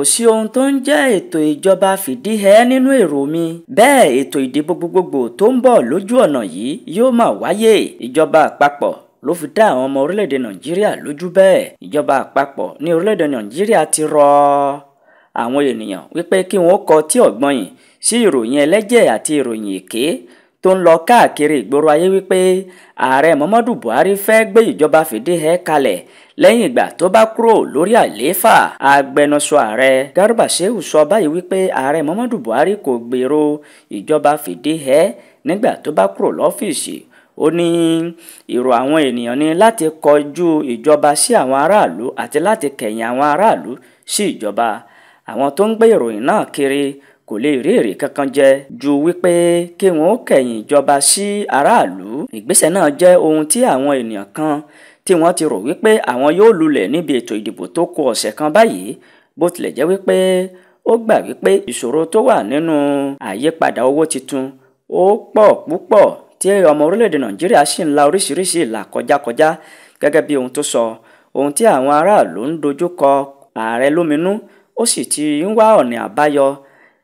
kò sí ohun tó ń jẹ́ ètò ìjọba fìdíhẹẹ́ nínú èrò mi bẹ́ẹ̀ ètò ìdìbò gbogbogbò tó ń bọ̀ lójú ọ̀nà yìí yóò máa wáyé ìjọba àpapọ̀ ló fi dá àwọn ọmọ orílẹ̀-èdè nàìjíríà lójú bẹ́ẹ̀ ìjọba àpapọ̀ ní orílẹ̀-èdè nàìjíríà ti rọ àwọn ènìyàn wípé kí wọ́n kọ tí ọ̀gbọ́n yìí sí ìròyìn ẹlẹ́jẹ̀ àti ìròyìn èké tó ń lọ káàkiri ìgboro ayé wípé ààrẹ muhammadu buhari fẹ́ gbé ìjọba fìdíhẹ́ kalẹ̀ lẹ́yìn ìgbà tó bá kúrò lórí àlééfà agbẹnusọ ààrẹ garba shehu sọ báyìí wípé ààrẹ muhammadu buhari kò gbèrò ìjọba fìdíhẹ́ nígbà tó bá kúrò lọ́fíìsì ó ní èrò àwọn ènìyàn ni láti kọjú ìjọba sí àwọn aráàlú àti láti kẹ̀yìn àwọn aráàlú sí ìjọba àwọn tó ń gbé ìròyìn náà kiri kò lè rí èrè kankan jẹ ju wípé kí wọn ó kẹ̀yìn ìjọba sí aráàlú ìgbésẹ̀ náà jẹ́ ohun tí àwọn ènìyàn kan tí wọ́n ti rò wípé àwọn yóò lulẹ̀ níbi ètò ìdìbò tó kù ọ̀sẹ̀ kan báyìí bó tilẹ̀ jẹ́ wípé ó gbà wípé ìṣòro tó wà nínú àyípadà owó titun ó pọ̀ púpọ̀ tí ọmọ orílẹ̀ nàìjíríà sì ń la oríṣiríṣi ìlà kọjákọjá gẹ́gẹ́ bí ohun tó sọ ohun tí àwọn aráàlú ń dojúkọ ààrẹ lóminú ó sì ti ń wá ọ̀nà àbáyọ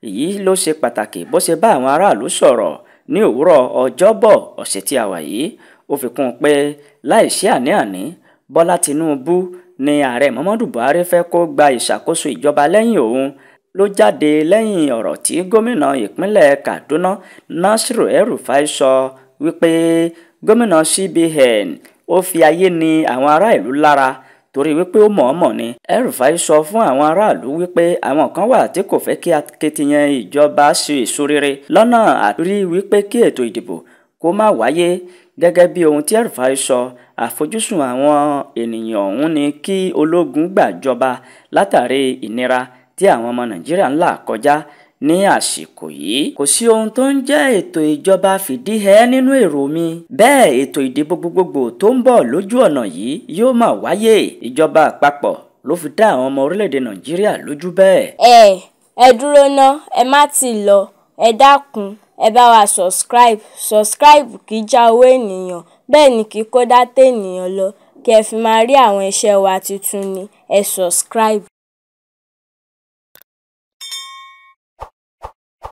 èyí ló ṣe pàtàkì bó ṣe bá àwọn aráàlú sọ̀rọ̀ ní òwúrọ̀ ọjọ́bọ̀ ọ̀sẹ̀ tí a wà yìí ó fi kún un pé láì sí àní-àní Bọ́lá Tinubu ni ààrẹ Muhammadu Buhari fẹ́ kó gba ìṣàkóso ìjọba lẹ́yìn òun ló jáde lẹ́yìn ọ̀rọ̀ tí gómìnà ìpínlẹ̀ Kaduna Nasiru el sọ wípé gómìnà CBN ó fi ayé ni àwọn ará ìlú lára torí wípé ó mọ̀ọ́mọ̀ ni El-Rufai sọ fún àwọn aráàlú wípé àwọn kan wà tí kò fẹ́ kí akitiyan ìjọba ṣe ìṣorere lọ́nà àrí wípé kí ètò ìdìbò kó má wáyé gẹ́gẹ́ bí ohun tí El-Rufai sọ àfojúsùn àwọn ènìyàn ọ̀hún ni kí ológun gbàjọba látàrí ìnira tí àwọn ọmọ Nàìjíríà ń kọjá ní àsìkò yìí kò sí ohun tó ń jẹ́ ètò ìjọba fìdíhẹ nínú èrò mi bẹ́ẹ̀ ètò ìdìbò gbogbogbò tó ń bọ̀ lójú ọ̀nà yìí yóò máa wáyé ìjọba àpapọ̀ ló fi dá àwọn ọmọ orílẹ̀-èdè nàìjíríà lójú bẹ́ẹ̀. ẹ ẹ dúró ná ẹ má ti lọ ẹ dákun ẹ bá wa subscribe subscribe kì í já owó ènìyàn bẹ́ẹ̀ ni kì í kó dátà ènìyàn lọ kí ẹ fi máa rí àwọn iṣẹ́ wa tuntun ni ẹ subscribe.